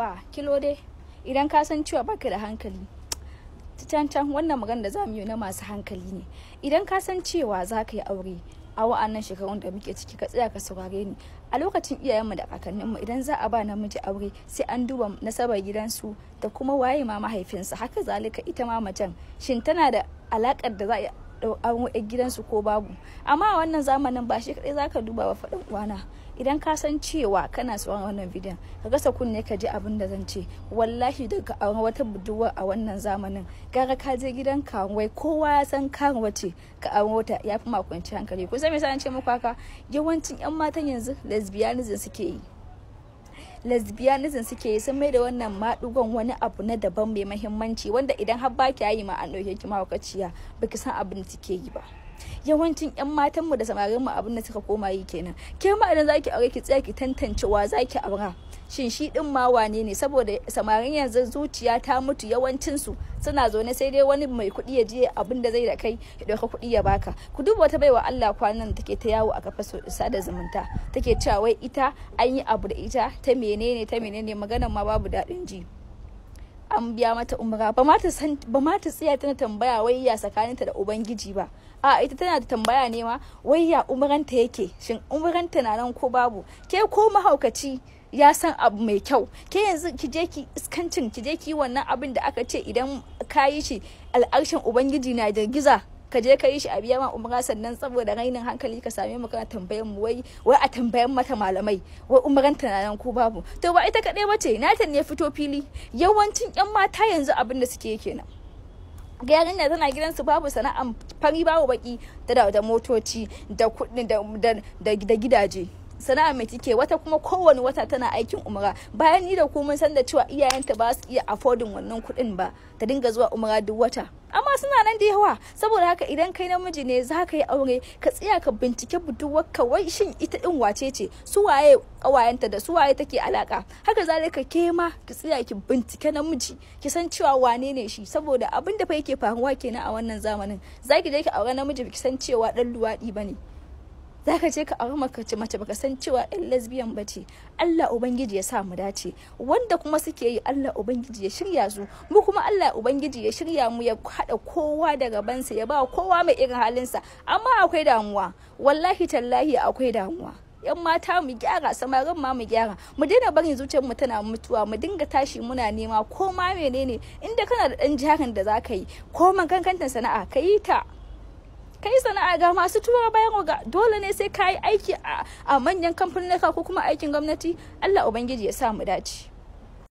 wa kilo dai idan ka san cewa baka da hankali tantan wannan magana da za mu yi na masu hankali ne idan ka san cewa za ka yi aure a wa'annan shekarun da muke ciki ka tsaya ka saurare ni a lokacin iyayenmu da kakanninmu idan za a ba namiji aure sai an duba nasabar gidansu da kuma waye ma mahaifinsa haka zalika ita ma macen shin tana da alakar da za a a gidansu ko babu amma a wannan zamanin ba shi kadai zaka duba ba faɗin kwana idan ka san cewa kana son wannan bidiyon ka gasa kunne ka ji abin da zan ce wallahi daga wata budurwa a wannan zamanin gara ka je gidan kawai kowa ya san karuwa ce ka aure wata ya fi makwanci hankali kusa san me an ce muku haka yawancin yan matan yanzu lesbianism suke yi lesbianism suke yi sun mai da wannan madugon wani abu na daban mai mahimmanci wanda idan har ba ki yi ma an ɗauke ki mahaukaciya ba ki san abin da kike yi ba. yawancin yan matan mu da samarin mu abin da suka koma yi kenan ke ma idan zaki aure ki tsaya ki tantance wa zaki aura shin shi din ma wane ne saboda samarin yanzu zuciya ta mutu yawancin su suna zaune sai dai wani mai kuɗi ya je abin da zai da kai ya dauka kuɗi ya baka ku duba wata baiwa Allah kwanan take ta yawo a kafa da zumunta take cewa wai ita an yi abu da ita ta menene ta menene maganan ma babu daɗin ji an biya mata umara ba ma ta san tsaya tana tambaya wai ya tsakaninta da ubangiji ba a ita tana da tambaya ne ma wai ya umranta yake shin umranta na nan ko babu ke ko mahaukaci ya san abu mai kyau ke yanzu ki je ki iskancin ki je ki wannan abin da aka ce idan ka yi shi al'arshin ubangiji na girgiza ka je ka yi shi a biya ma umra sannan saboda rainin hankali ka same mu kana tambayan mu wai wai a tambayan mata malamai wai umran tunanan ko babu to ba ita kadai bace natan ne fito fili yawancin yan mata yanzu abin da suke kenan gyaran na tana gidan su babu sana'an fari babu baki da da motoci da da gidaje sana'a mai tike wata kuma kowane wata tana aikin umara bayan ni da ku mun san da cewa iyayenta ba su iya affordin wannan kuɗin ba ta dinga zuwa umara duk wata amma suna nan da yawa saboda haka idan kai namiji ne za ka yi aure ka tsaya ka bincike ka wai shin ita din wace ce su waye kawayenta da su waye take alaka haka zalika ke ma ki tsaya ki bincike namiji ki san cewa wane ne shi saboda abin da fa yake faruwa kenan a wannan zamanin zaki je ki aure namiji ki san cewa dan luwadi bane za ka je ka auri mace mace baka san cewa yan lesbian ba ce Allah ubangiji ya sa mu dace wanda kuma suke yi Allah ubangiji ya shirya su mu kuma Allah ubangiji ya shirya mu ya haɗa kowa da gabansa ya ba kowa mai irin halinsa amma akwai damuwa wallahi tallahi akwai damuwa yan mata mu gyara samarin ma mu gyara mu daina barin zuciyar mu tana mutuwa mu dinga tashi muna nema ko ma menene inda kana da ɗan jarin da zaka yi ko man kankantar sana'a ka yi ta kai sana'a ga masu tura bayan ga dole ne sai ka yi aiki a manyan kamfanin ko kuma aikin gwamnati allah ubangiji ya samu mu dace